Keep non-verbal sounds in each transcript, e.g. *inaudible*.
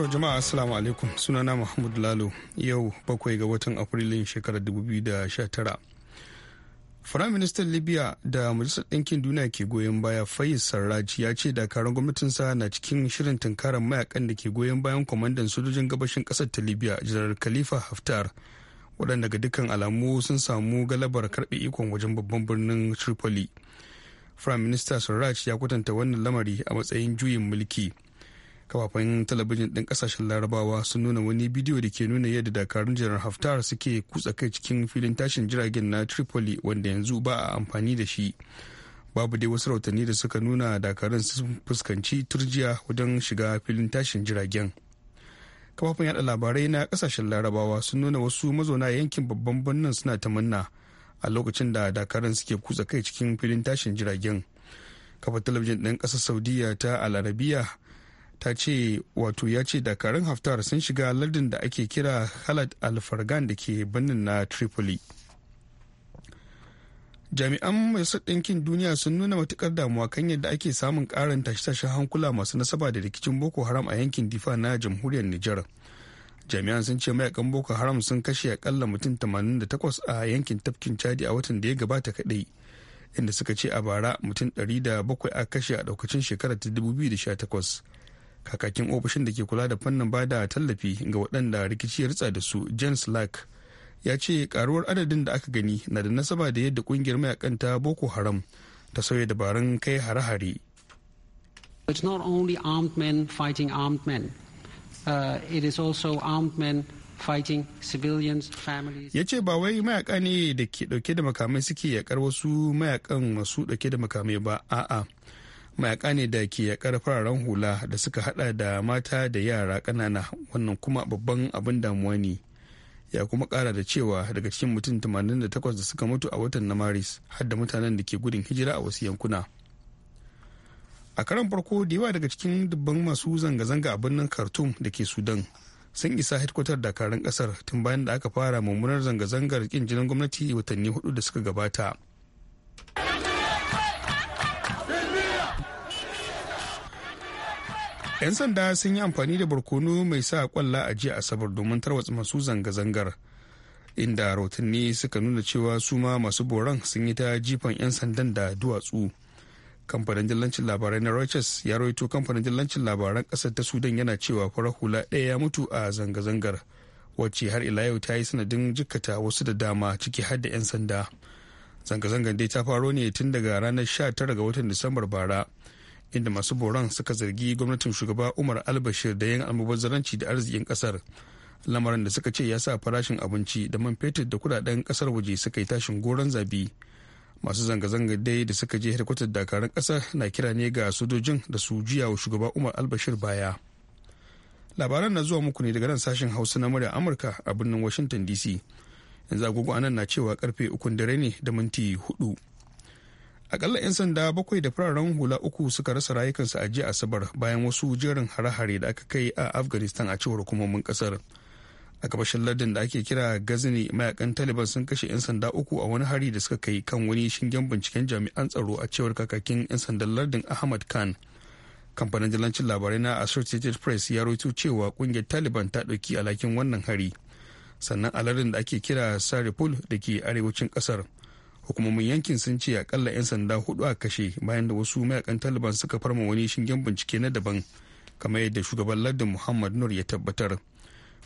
To jama'a assalamu alaikum sunana muhammadu Lalo yau bakwai ga watan Afrilun shekarar 2019. ministan Libya da Majalisar Ɗinkin Duniya ke goyon baya fayis Sarraj ya ce dakarun gwamnatinsa na cikin shirin tunkarar mayakan da ke goyon bayan kwamandan sojojin gabashin ƙasar ta Libya Janar Khalifa Haftar waɗanda ga dukkan alamu sun samu galabar karɓe ikon wajen babban birnin Tripoli. Firaminista Sarraj ya kwatanta wannan lamari a matsayin juyin mulki. kafafen talabijin ɗin ƙasashen larabawa sun nuna wani bidiyo da ke nuna yadda dakarun janar haftar suke kutsa kai cikin filin tashin jiragen na tripoli wanda yanzu ba a amfani da shi babu dai wasu rautani da suka nuna dakarun sun fuskanci turjiya wajen shiga filin tashin jiragen kafafen yada labarai na ƙasashen larabawa sun nuna wasu mazauna yankin babban birnin suna tamanna a lokacin da dakarun suke kutsa kai cikin filin tashin jiragen kafa talabijin ɗin ƙasar saudiya ta al'arabiya ta ce wato ya ce dakarun haftar sun shiga lardin da ake kira khalid alfargan da ke birnin na tripoli jami'an mai ɗinkin duniya sun nuna matukar damuwa kan yadda ake samun ƙarin tashe-tashen hankula masu nasaba da rikicin boko haram a yankin difa na jamhuriyar nijar jami'an sun ce mayakan boko haram sun kashe akalla mutum 88 a yankin tafkin chadi a watan da ya gabata kadai inda suka ce a bara mutum 700 a kashe a daukacin shekarar ta 2018 kakakin ofishin da ke kula da fannin ba da tallafi ga waɗanda rikici ya ritsa da su james lack ya ce karuwar adadin da aka gani na da nasaba da yadda kungiyar mayakan ta boko haram ta sauya dabarun kai hare-hare It's not only armed men fighting armed men. Uh, it is men fighting civilians, families. Ya ce ba wai mayaka ne da ke dauke da makamai suke yakar wasu mayakan masu dauke da makamai ba, a'a. mayaka ne da ke yakar fararen hula da suka hada da mata da yara kanana wannan kuma babban abin damuwa ne ya kuma kara da cewa daga cikin mutum 88 da suka mutu a watan na maris har da mutanen da ke gudun hijira a wasu yankuna a karan farko da yawa daga cikin dubban masu zanga-zanga a birnin khartoum da ke sudan sun isa hedkwatar dakarun kasar tun bayan da aka fara mummunar zanga-zangar kin jinin gwamnati watanni hudu da suka gabata 'Yan sanda sun yi amfani da barkono mai sa kwalla a jiya Asabar domin tarwatsa masu zanga-zangar. Inda rahotanni suka nuna cewa su ma masu boran sun yi ta jifan 'yan sandan da duwatsu. Kamfanin dillancin labarai na Reuters ya rawaito kamfanin dillancin labaran ƙasar ta Sudan yana cewa farar hula ɗaya ya mutu a zanga-zangar. Wacce har ila yau ta yi sanadin jikkata wasu da dama ciki har da 'yan sanda. Zanga-zangar dai ta faro ne tun daga ranar 19 ga watan Disambar bara. inda masu boron suka zargi gwamnatin shugaba umar albashir da yin almubazzaranci da arzikin kasar lamarin da suka ce ya sa farashin abinci da man fetur da kudaden kasar waje suka yi tashin goron zabi masu zanga-zanga dai da suka je hedkwatar dakarun kasar na kira ne ga sojojin da su juya wa shugaba umar albashir baya labaran na zuwa muku ne daga nan sashen hausa na murya amurka a birnin washington dc yanzu agogo anan na cewa karfe ukun dare ne da minti hudu akalla 'yan sanda bakwai da fararen hula uku suka rasa rayukansu a jiya asabar bayan wasu jerin hare-hare da aka kai a afghanistan a cewar hukumomin kasar a gabashin lardin da ake kira gazini mayakan taliban sun kashe 'yan sanda uku a wani hari da suka kai kan wani shingen binciken jami'an tsaro a cewar kakakin 'yan sandan lardin ahmad khan kamfanin jalancin labarai na associated press ya roito cewa kungiyar taliban ta ɗauki alhakin wannan hari sannan a lardin da ake kira saripul da ke arewacin ƙasar hukumomin yankin sun ce akalla 'yan sanda hudu a kashe bayan da wasu mayakan taliban suka farma wani shingen bincike na daban kamar yadda shugaban lardin muhammad nur ya tabbatar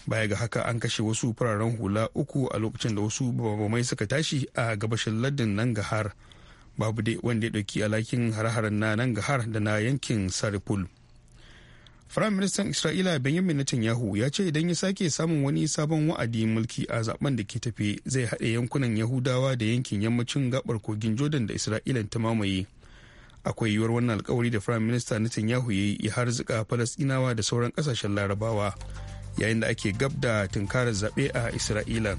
baya ga haka an kashe wasu fararen hula uku a lokacin da wasu babamai suka tashi a gabashin lardin nangahar babu dai wanda ya ɗauki alakin hare-haren na nangahar da na yankin saripul Firayim Ministan Isra'ila Benjamin Netanyahu ya ce idan ya sake samun wani sabon wa'adi mulki a zaben da ke tafe zai haɗe yankunan Yahudawa da yankin yammacin gabar kogin Jordan da Isra'ila ta mamaye. Akwai yiwuwar wannan alkawari da Firayim Minista Netanyahu ya yi ya harzika Falasɗinawa da sauran ƙasashen Larabawa yayin da ake gab da tunkarar zaɓe a Isra'ila.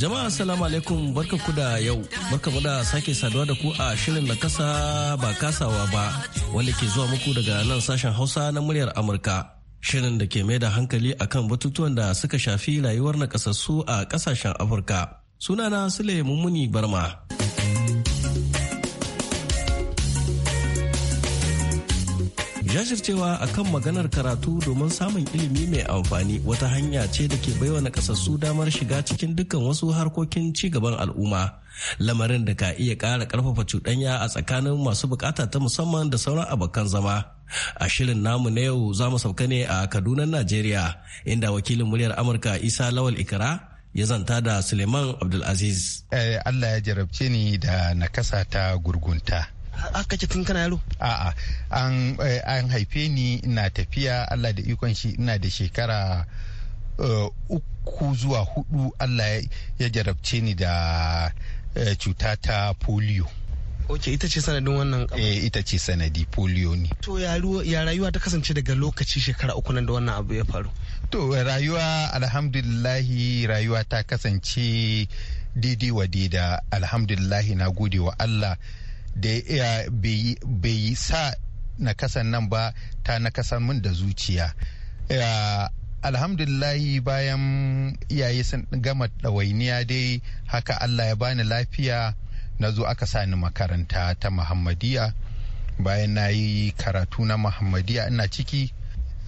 Jama'a salamu alaikum barka ku da yau barka muda da sake saduwa da ku a shirin na kasa ba kasawa ba wanda ke zuwa muku daga nan sashen Hausa na muryar Amurka. Shirin da ke mai da hankali akan batutuwan da suka shafi rayuwar na kasassu a kasashen Afirka. Sunana Sule Mummuni Barma. jajircewa akan maganar karatu domin samun ilimi mai amfani wata hanya ce da ke baiwa nakasassu damar shiga cikin dukkan wasu harkokin ci gaban al'umma lamarin da ka iya ƙara ƙarfafa cuɗanya a tsakanin masu bukata ta musamman da sauran abokan zama a shirin namu na yau za mu sauka ne a kaduna najeriya inda wakilin muryar amurka isa lawal ikra ya zanta da suleiman abdulaziz eh, allah ya jarabce ni da nakasa ta gurgunta haka ce tun kana yaro a'a an eh, an haife ni ina tafiya Allah da ikon shi ina da shekara eh, uku zuwa hudu Allah ya jarabce ni da eh, cuta ta polio ok ita ce sanadin wannan eh ita ce sanadi polio ne to ya rayuwa ta kasance daga lokaci shekara uku nan da wannan abu ya faru to rayuwa alhamdulillahi rayuwa ta kasance daidai wa daida alhamdulillahi na gode wa Allah da bai yi sa nakasan nan ba ta nakasa min da zuciya alhamdulillahi bayan iyaye sun gama ɗawainiya dai haka allah ya bani lafiya na zo aka sani makaranta ta muhammadiya bayan na yi karatu na muhammadiya ina ciki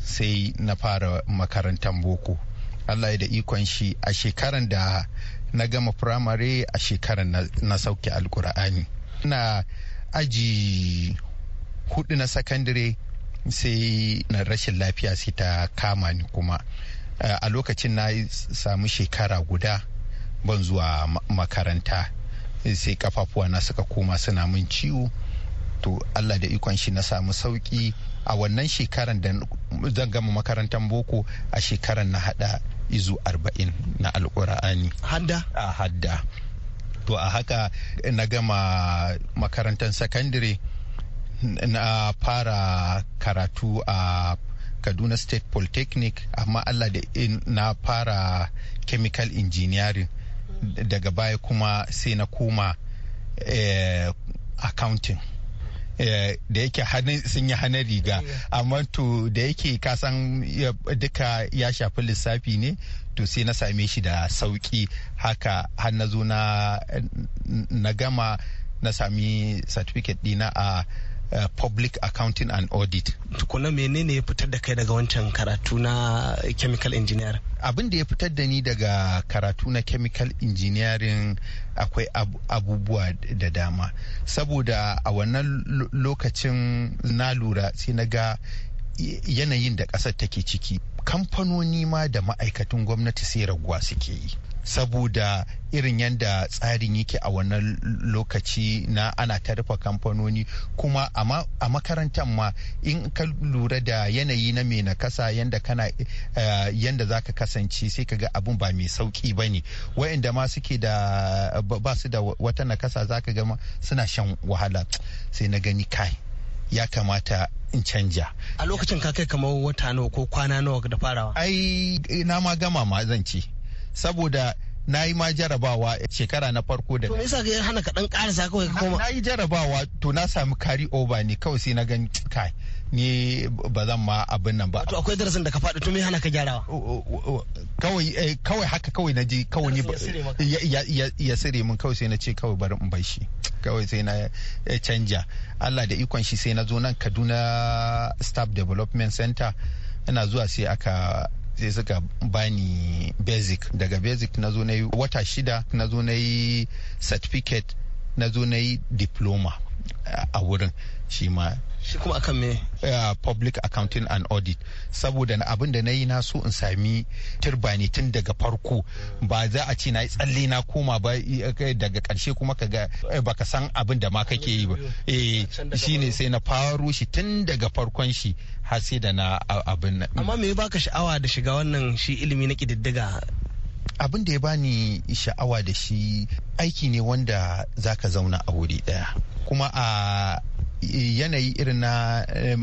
sai na fara makarantar boko allah ya da ikon shi a shekaran da na gama firamare a shekaran na sauke alkur'ani na aji hudu na sakandare sai na rashin lafiya sai ta kama ni kuma a lokacin na samu shekara guda ban zuwa makaranta sai kafafuwa na suka koma suna mun ciwo to allah da ikon shi na samu sauki a wannan shekaran da zan gama makarantar boko a shekaran na hada izu arba'in na alkur'ani hadda a hadda to a haka na gama makarantar sakandare na fara karatu a kaduna state polytechnic amma allah da na fara chemical engineering daga baya kuma sai na koma eh, accounting Eh, da yake sun yi hannun riga amma to da yake kasan duka ya shafi lissafi ne to sai na same shi da sauki haka har na gama na sami certificate dina a Uh, public accounting and audit tukuna menene ya fitar da kai daga wancan karatu na chemical engineer abin da ya fitar da ni daga karatu na chemical engineering akwai abubuwa da dama saboda a wannan lokacin na lura sai na ga yanayin da ƙasar take ciki kamfanoni ma da ma'aikatan gwamnati sai raguwa suke yi saboda irin yadda tsarin yake a wannan lokaci na ana ta rufe kamfanoni kuma a makarantar ma in ka lura da yanayi na mai na kasa yadda eh, za ka kasance sai ka ga abun ba mai sauki ba ne wa'inda ma suke da ba su da wata nakasa za ka ga suna shan wahala sai na gani kai ya kamata in canja. A lokacin ka kai kamar wata nawa ko kwana nawa da farawa? Ai na ma gama ma zan ce. saboda na yi ma jarabawa shekara na farko da. To me hana ka dan karasa kawai ka koma? Na yi jarabawa to na sami carry over ne kawai sai na gan kai ni ba zan ma abin nan ba. To akwai darasin da ka faɗi to me hana ka gyarawa? Kawai eh, kawai haka kawai na ji kawai ni ya sire min kawai sai na ce kawai bari in bai shi. Kawai sai na eh, canja. Allah da ikon shi sai na zo nan Kaduna Staff Development Center. Ina zuwa sai aka sai suka bani basic daga basic na zo na wata shida na zo na yi certificate na zo na diploma a wurin shi ma shi kuma akan me public accounting and audit saboda abin da na yi na so in sami turbani tun daga farko ba za a ce na yi tsalle na koma ba eh, daga karshe kuma ka ga eh, ba ka san abin da ma kake yi ba eh, shi ne sai na faro shi tun daga farkon shi har sai da na abin amma me baka sha'awa da shiga wannan shi ilimi na kididdiga abin da ya bani sha'awa da shi aiki ne wanda zaka zauna a wuri daya kuma a yanayi irin na eh,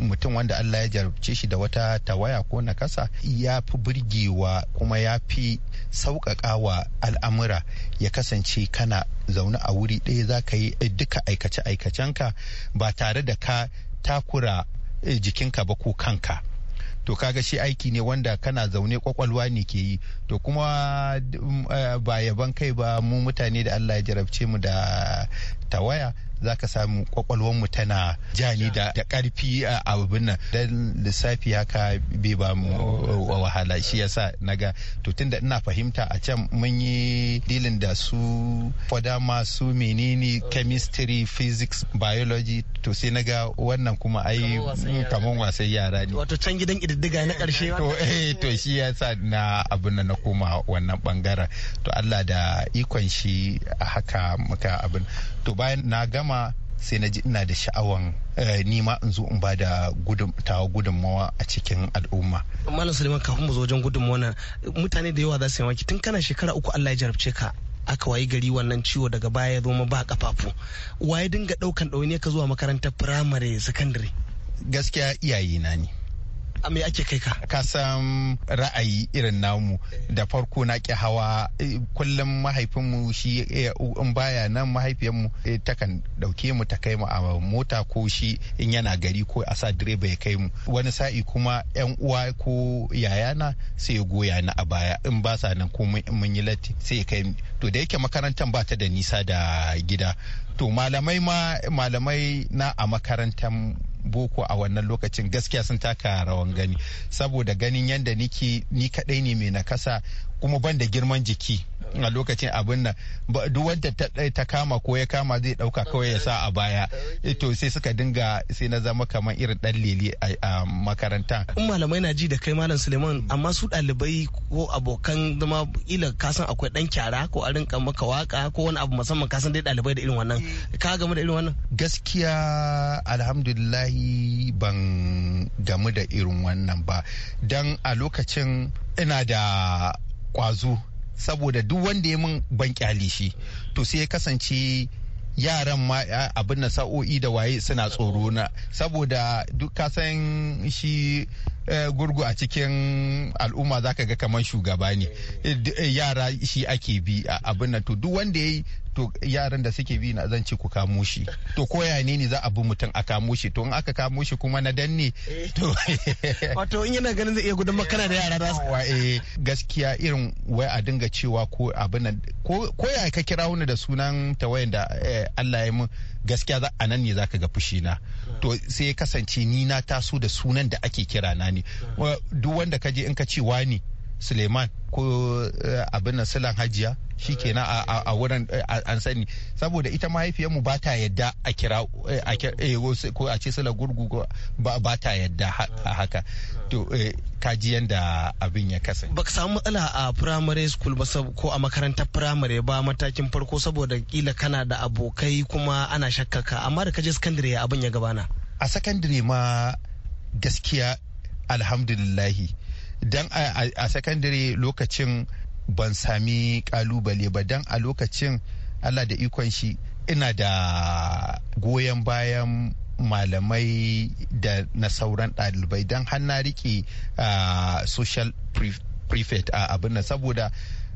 mutum wanda Allah ya jarabce shi da wata tawaya ko nakasa ya fi burgewa kuma ya fi sauƙaƙa wa al'amura ya kasance kana zaune a wuri ɗaya za ka yi duka aikace-aikacenka ba tare da ka takura eh, jikinka ba ko kanka. to kaga shi aiki ne wanda kana zaune kwakwalwa ne ke yi to kuma eh, ba yaban kai ba mu mutane da Allah ya jarabce mu da tawaya za ka samu kwakwalwarmu tana jani da karfi a abin nan dan lissafi haka bai ba mu wahala shi yasa naga to tunda ina fahimta a can mun yi dilin da su fada masu menene chemistry physics biology to sai naga wannan kuma ai kamar wasan yara ne wato can gidan ididdiga na karshe to eh to shi yasa na abin nan na koma wannan bangaren to Allah da ikon shi haka muka abin to bayan na gama sai na ji ina da sha'awan eh, nima in zo in ba da tawa gudunmawa a cikin al'umma. Malam Suleiman kafin mu zo wajen gudunmawa nan mutane da yawa za su yi tun kana shekara uku Allah ya jarabce ka aka wayi gari wannan ciwo daga baya ya zo ba kafafu waye dinga daukan ɗauniya ka zuwa makarantar firamare sakandare. Gaskiya iyaye na ne. a me ake kai ka ka san ra'ayi irin namu da farko na ki hawa eh, kullum mahaifinmu shi eh, in baya nan mahaifiyarmu eh, takan dauke mu ta kai mu a mota ko shi in yana gari ko a sa direba ya kai mu wani sa'i kuma yan uwa ko yayana sai ya goya ni a baya in ba sa nan ko mun yi latti sai ya kai to da yake makarantar ba ta da nisa da gida to malamai ma malamai na a makarantar boko a wannan lokacin gaskiya sun taka rawan gani saboda ganin yadda ni kadai ne mai nakasa kuma ban da girman jiki a lokacin abin nan duk wanda eh, ta kama ko ya kama zai dauka kawai ya sa a baya eh, to sai suka dinga sai na zama kamar irin dan lele a makaranta in malamai na ji da kai malam suleiman amma su dalibai ko abokan zama ila kasan akwai dan kyara ko a rinka maka waka ko wani abu musamman kasan dai dalibai da irin wannan eh. ka gamu da irin wannan gaskiya alhamdulillahi ban gamu da irin wannan ba dan a lokacin ina da kwazo saboda duk wanda ya min ban kyale shi to sai ya kasance yaran ma abin na sa'o'i da waye suna tsoro na saboda duk kasan shi eh, gurgu a cikin al'umma zaka ga kamar shugaba ne eh, eh, yara shi ake bi abin nan to duk wanda ya to yaran da suke bi na zan ce ku kamo shi to ko ya ne za a bi mutum a kamo shi to in aka kamo shi kuma na danne to *laughs* wato in yana ganin zai iya gudun makana da yara za eh, gaskiya irin wai a dinga cewa ko abin ko ya ka kira wani da sunan wayan da eh, Allah ya mun gaskiya a nan ne zaka ga fushi na to sai kasance ni na taso da sunan da ake kira na ne duk wanda ka je in ka ce wani suleiman ko eh, abin nan silan hajiya shi kenan a wurin eh, an sani saboda ita mahaifiyarmu ba ta yadda a kira eh, ko a ce sila gurgu ba ta yadda haka to kajiyan da abin ya kasance ba ka samu matsala a primary school ba ko a makarantar firamare ba matakin farko saboda kila kana da abokai kuma ana shakkaka amma da kaje secondary abin ya gabana a secondary ma gaskiya alhamdulillahi dan a sakandare lokacin ban sami kalubale ba dan a lokacin allah da ikon shi ina da goyon bayan malamai da na sauran ɗalibai don rike riƙe social prefect a abin nan saboda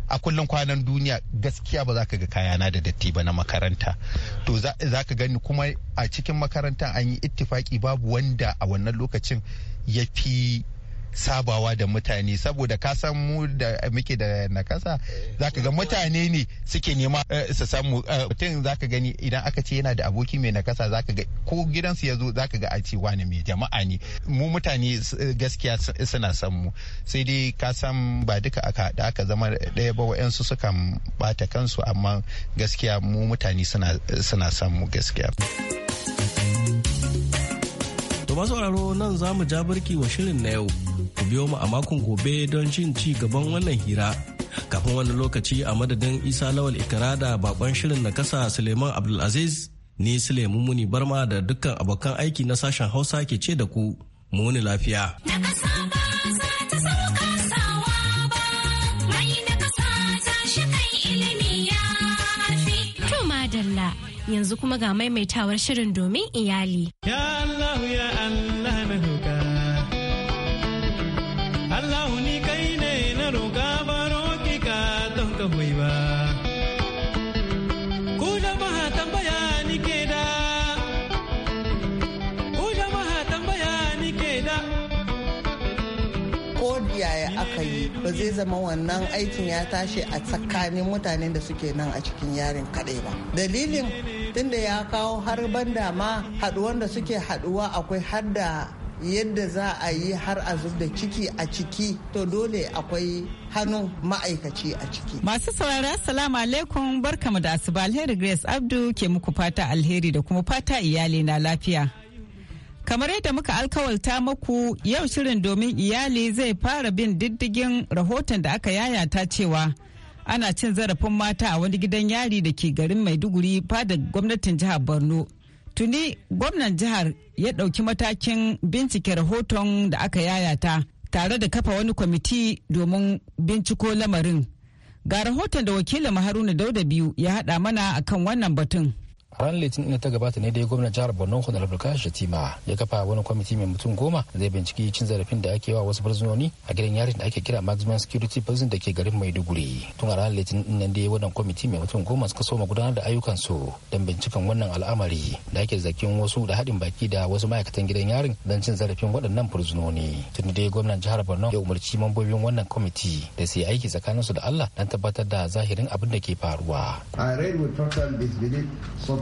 a kullum kwanan duniya gaskiya ba za ka ga kayana da datti ba na makaranta to za ka gani kuma a cikin makarantar an yi ittifaki babu wanda a wannan lokacin ya fi sabawa da mutane saboda ka san mu da muke da nakasa eh. zaka ga mutane ne suke nema eh, su san mu eh, mutum zaka gani idan aka ce yana da aboki mai nakasa zaka ga ko gidansu ya zo zaka ga a ce wani mai jama'a ne mu mutane gaskiya suna san mu sai dai ka san ba duka aka da aka zama ɗaya ba wa'yansu sukan bata kansu amma gaskiya mu mutane suna san mu gaskiya. masu sauraro nan za mu ja birki wa shirin na yau. Ku biyo mu a makon gobe don jin ci gaban wannan hira. Kafin wani lokaci a madadin Isa Lawal Ikara da bakon shirin na kasa Suleiman Abdulaziz ni Suleiman Muni Barma da dukkan abokan aiki na sashen Hausa ke ce da ku. Muni lafiya. yanzu kuma ga maimaitawar shirin domin iyali. Ya Allah ya Allah na roƙa. Allah ni kai ne na roƙa baro roƙi ka don ka hoyi ba. Ku jama'a tambaya ni ke da. Ku jama'a tambaya ni ke da. Ko yaya aka yi ba zai zama wannan aikin ya tashi a tsakanin mutanen da suke nan a cikin yarin kaɗai ba. Dalilin da ya kawo har banda ma haduwan da suke haduwa akwai hadda yadda za a yi har a zub da ciki a ciki to dole akwai hannun ma'aikaci a ciki. Masu saurara salamu alaikum barkamu da asuba alheri Grace Abdu ke muku fata alheri da kuma fata iyali na lafiya. Kamar yadda muka alkawalta muku yau shirin domin iyali zai fara bin diddigin rahoton da aka yayata cewa ana cin zarafin mata a wani gidan yari da ke garin maiduguri fadar gwamnatin jihar borno tuni gwamnan jihar ya ɗauki matakin bincike rahoton da aka yayata tare da kafa wani kwamiti domin binciko lamarin ga rahoton da wakilin haruna dauda biyu ya haɗa mana akan wannan batun ranar litinin da ta gabata ne dai gwamnan jihar borno kudin afirka shatima ya kafa wani kwamiti mai mutum goma zai binciki cin zarafin da ake wa wasu barzunoni a gidan yarin da ake kira maximum security prison da ke garin maiduguri tun a ranar litinin din nan dai wannan kwamiti mai mutum goma suka soma gudanar da ayyukan su don binciken wannan al'amari da ake zakin wasu da haɗin baki da wasu ma'aikatan gidan yarin don cin zarafin waɗannan barzunoni tun dai gwamnan jihar borno ya umarci mambobin wannan kwamiti da su yi aiki tsakaninsu da allah don tabbatar da zahirin abin da ke faruwa. I read with total disbelief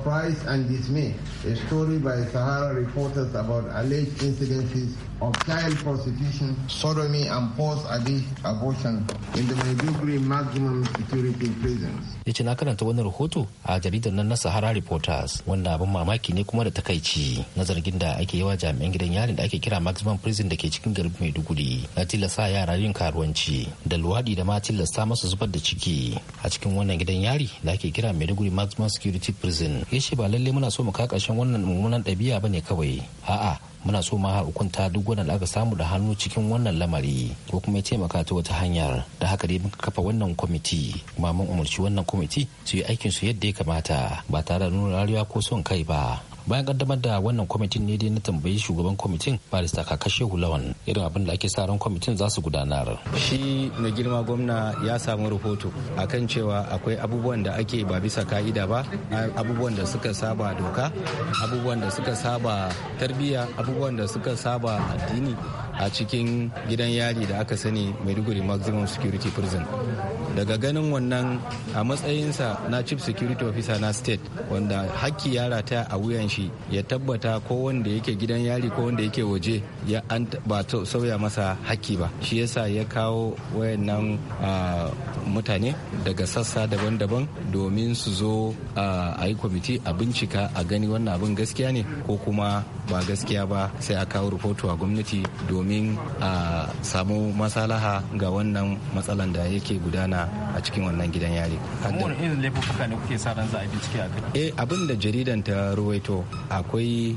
surprise and dismay, a story by Sahara reporters about alleged incidences of child prostitution, sodomy, and post abortion in the Maiduguri maximum security prisons. Ya ce na karanta wani rahoto a jaridar nan na Sahara Reporters wanda abin mamaki ne kuma da takaici na zargin da ake wa jami'an gidan yarin da ake kira maximum prison da ke cikin garin Maiduguri na tilasta yara yin karuwanci da luwaɗi da ma tilasta masu zubar da ciki a cikin wannan gidan yari da ake kira Maiduguri maximum security prison ya ce ba lalle muna so mu ka ƙarshen wannan mummunan ɗabi'a ba ne kawai a'a muna so ma hukunta duk wanda aka samu da hannu cikin wannan lamari ko kuma ya taimaka ta wata hanyar da haka dai muka kafa wannan kwamiti kuma mun umarci wannan kwamiti su yi aikin su yadda ya kamata ba tare da nuna rariya ko son kai ba bayan kaddamar da wannan kwamitin ne dai na tambayi shugaban kwamitin barista kakashe hulawan irin abin da ake sa ran kwamitin za su gudanar shi na girma gwamna ya samu rahoto akan cewa akwai abubuwan da ake ba bisa ka'ida ba abubuwan da suka saba doka abubuwan da suka saba tarbiyya abubuwan da suka saba addini a cikin gidan yari da aka sani maiduguri maximum security prison daga ganin wannan a matsayinsa na chief security officer na state wanda hakki ya rata a wuyan shi ya tabbata ko wanda yake gidan yari ko wanda yake waje ya an ba sauya masa haƙƙi ba shi yasa ya kawo wayannan mutane daga sassa daban-daban domin su zo a yi kwamiti a bincika a gani wannan abin gaskiya ne ko kuma ba gaskiya ba sai a kawo rahoto a gwamnati domin a samu masalaha ga wannan matsalan da yake gudana a cikin wannan gidan yari. Kuma irin laifuka ne kuke sa ran za a bincike a kai? Eh abin da jaridan ta ruwaito akwai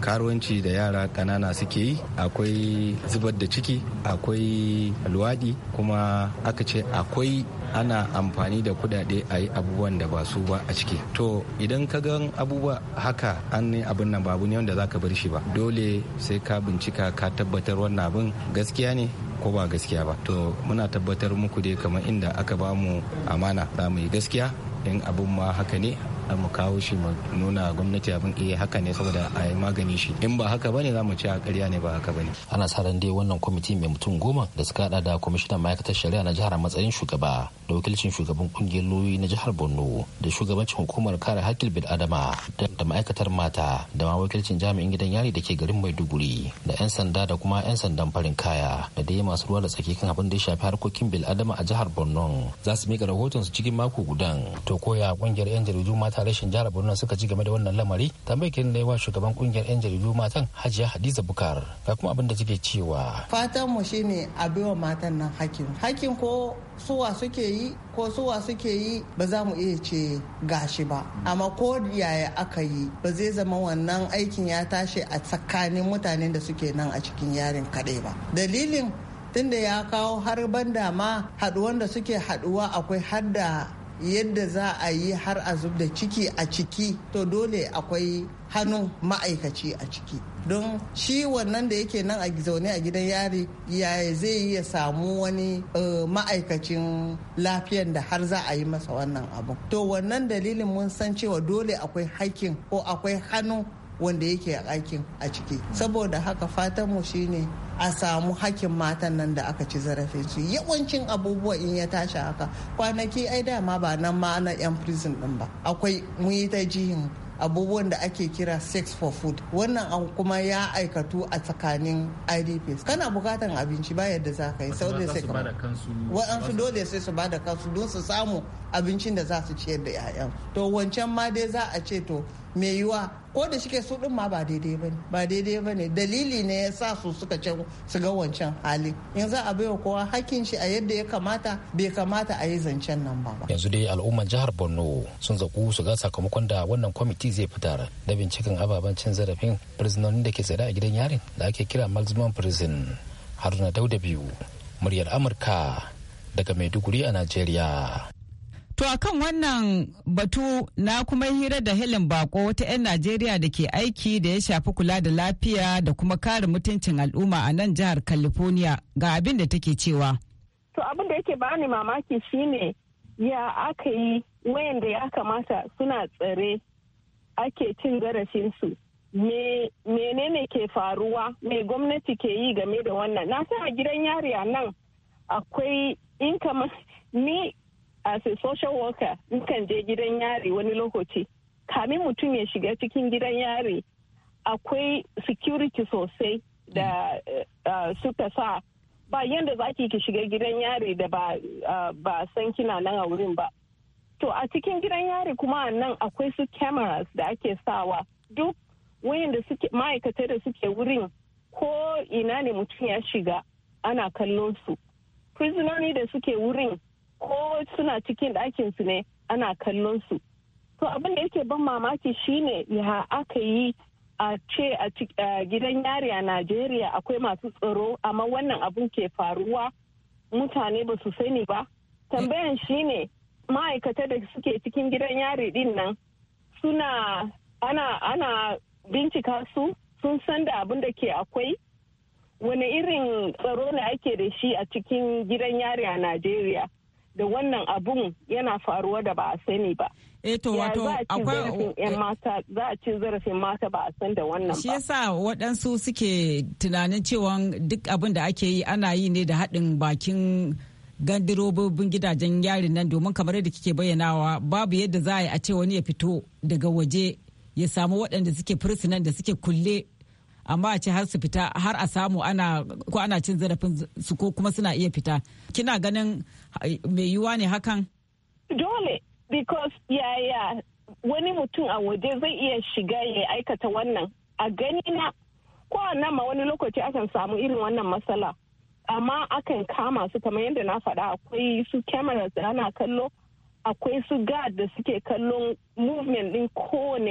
karuwanci da yara ƙanana suke yi akwai zubar da ciki akwai luwaɗi kuma aka ce akwai ana amfani da kudade a yi abubuwan da ba su ba a ciki to idan ka gan abubuwa haka an ne abin nan babu ne wanda za ka bar shi ba dole sai ka bincika ka tabbatar wannan abin gaskiya ne ko ba gaskiya ba to muna tabbatar muku dai kamar inda aka ba mu amana za mu yi gaskiya in abin ma haka ne mu kawo shi mu nuna gwamnati abin iya eh, haka ne saboda a yi magani shi in ba haka bane za mu ci a karya ne ba haka bane ana sa ran dai wannan kwamiti mai mutum goma da suka hada da kwamishinan ma'aikatar shari'a na jihar matsayin shugaba da wakilcin shugaban kungiyar lauyoyi na jihar Borno da shugabancin hukumar kare hakkin bil adama da ma'aikatar mata da ma wakilcin jami'in gidan yari da ke garin Maiduguri da 'yan sanda da kuma 'yan sandan farin kaya da dai masu ruwa da tsaki kan abin da ya shafi harkokin bil adama a jihar Borno za su mika rahoton su cikin mako gudan to koya kungiyar 'yan jaridu mata rashin jihar borno suka ji game da wannan lamari tambayar kin ne wa shugaban kungiyar yan jaridu matan hajiya hadiza bukar ga kuma abin da take cewa fatan mu shine a biwa matan nan hakkin hakkin ko suwa suke yi ko suwa suke yi ba za mu iya ce gashi ba amma ko yaya aka yi ba zai zama wannan aikin ya tashi a tsakanin mutanen da suke nan a cikin yarin kaɗai ba dalilin tunda ya kawo har banda ma haɗuwan da suke haɗuwa akwai har da yadda za a yi har a zub da ciki a ciki to dole akwai hannu ma'aikaci a ciki don shi wannan da yake nan a zaune a gidan yari ya zai yi ya samu wani eh, ma'aikacin lafiyan da har za a yi masa wannan abu to wannan dalilin mun san cewa dole akwai haƙƙin ko akwai hannu wanda yake aikin a ciki saboda haka fatanmu shine a samu hakkin matan nan da aka ci zarafin su yawancin abubuwa in ya tashi haka kwanaki ai dama ba nan ma na yan prison din ba akwai yi ta jihin abubuwan da ake kira sex for food wannan kuma ya aikatu a tsakanin idps kana bukatan abinci ba yadda za ka yi sau da sai kama waɗansu dole sai su bada kansu don su samu abincin da za su ciyar da 'ya'yan to wancan ma dai za a ce to mai yiwa ko da shike su din ma ba daidai ba ne ba daidai ba ne dalili ne ya sa su suka can su ga wancan hali yanzu a baiwa kowa hakkin shi a yadda ya kamata bai kamata a yi zancen nan ba yanzu dai al'ummar jihar borno sun zaku su ga sakamakon da wannan kwamiti zai fitar da binciken ababen cin zarafin prisonerin da ke tsada a gidan yarin da ake kira maximum prison haruna dauda biyu muryar amurka daga maiduguri a najeriya To a kan wannan batu na kuma hira da Helen Bako wata 'yan Najeriya da ke aiki da ya shafi kula da lafiya da kuma kare mutuncin al'umma a nan jihar California ga abin da take cewa. To abin da yake bani mamaki shine ya aka yi wayanda ya kamata suna tsare ake cin zarafinsu. Menene ke faruwa? Me gwamnati ke yi game da wannan? Na sa a gidan yari a nan akwai in kamar ni as a social worker mukan je gidan yari wani lokaci kamin mutum ya shiga cikin gidan yari akwai security sosai da eh, eh, suka sa ba yadda za ki shiga gidan yari da eh, ba san kina nan a wurin ba to a cikin gidan yari kuma nan akwai su cameras da ake sawa duk wayanda suke ma'aikata da suke wurin ko ina ne mutum ya shiga ana kallon su prisoners da suke wurin ko suna cikin ɗakin su ne ana kallon su to abin da yake ban mamaki shine ya aka yi a ce a gidan yari a najeriya akwai masu tsaro amma wannan abun ke faruwa mutane ba su sani ba tambayan shine ma'aikata da suke cikin gidan yari din nan suna ana ana bincika su sun san da abin da ke akwai wani irin tsaro ne ake da shi a cikin gidan yari a najeriya da wannan abun yana faruwa da ba a sani ba. Eh, to wato akwai eh. mata za a ci zarafin mata ba a san da wannan ba shi yasa waɗansu suke tunanin cewa duk abin da ake yi ana yi ne da haɗin bakin gandirobobin gidajen yarin nan domin kamar yadda kike bayyanawa babu yadda za a yi a ce wani ya fito daga waje ya samu waɗanda suke fursunan da suke kulle amma a ce har su fita har a samu ana ko ana cin zarafin su ko kuma suna iya fita kina ganin mai yiwuwa ne hakan dole because yaya yeah, yeah. wani mutum a waje zai iya shiga ya aikata wannan a gani na ko nan ma wani lokaci akan samu irin wannan matsala amma akan kama su kamar yadda na faɗa akwai su cameras da ana kallo akwai su guard da suke kallon movement din kowane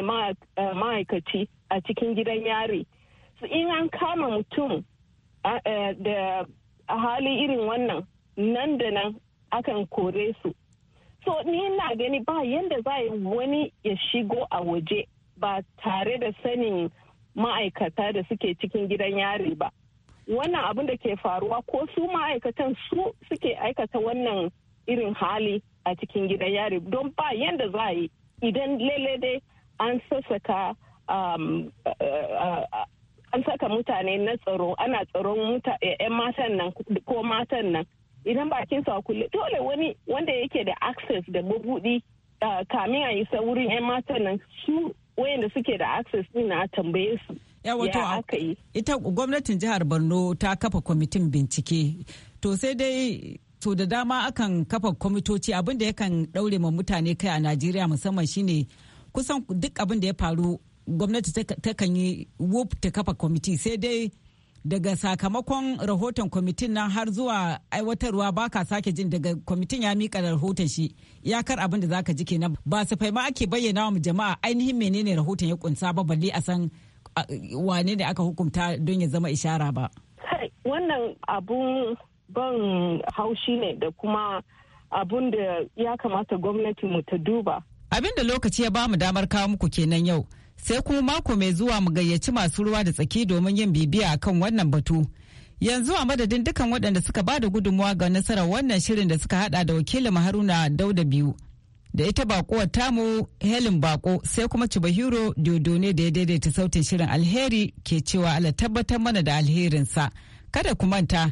eh, ma'aikaci a cikin gidan yari in an kama mutum da hali irin wannan nan da nan akan kore su so ni na gani ba yadda za yi wani ya shigo a waje ba tare da sanin ma'aikata da suke cikin gidan yari ba wannan abin da ke faruwa ko su ma'aikatan su suke aikata wannan irin hali a cikin gidan yari don ba yadda za yi idan lele dai an sassaka um, an saka mutane na tsaro ana tsaron 'yan eh, matan nan ko matan nan idan bakin a kulle dole wani wanda yake da access da mabudi ah, kamin a yi saurin 'yan matan nan su wayanda suke da access din na tambaye su ya wato aka yi ita gwamnatin jihar borno ta kafa kwamitin bincike to sai dai to da dama akan kafa kwamitoci abinda yakan daure ma mutane kai a najeriya musamman shine kusan duk abin da ya faru gwamnati ta kan yi wup ta kafa kwamiti sai dai daga sakamakon rahoton kwamitin nan har zuwa aiwatarwa ba ka sake jin daga kwamitin ya mika rahoton shi ya kar abin da zaka ji kenan ba su faima ake bayyana wa jama'a ainihin menene rahoton ya kunsa ba balle a san wane ne aka hukunta don ya zama ishara ba wannan abun ban haushi ne da kuma abun da ya kamata gwamnati mu ta duba abin da lokaci ya bamu damar kawo muku kenan yau sai kuma mako mai zuwa mu gayyaci masu ruwa da tsaki domin yin bibiya kan wannan batu. Yanzu a madadin dukkan waɗanda suka ba da gudunmawa ga nasarar wannan shirin da suka hada da wakilin Haruna Dauda biyu. Da ita bakuwar tamu helin Bako sai kuma dodo ne da ya daidaita sautin shirin alheri ke cewa Allah tabbatar mana da alherinsa. Kada ku manta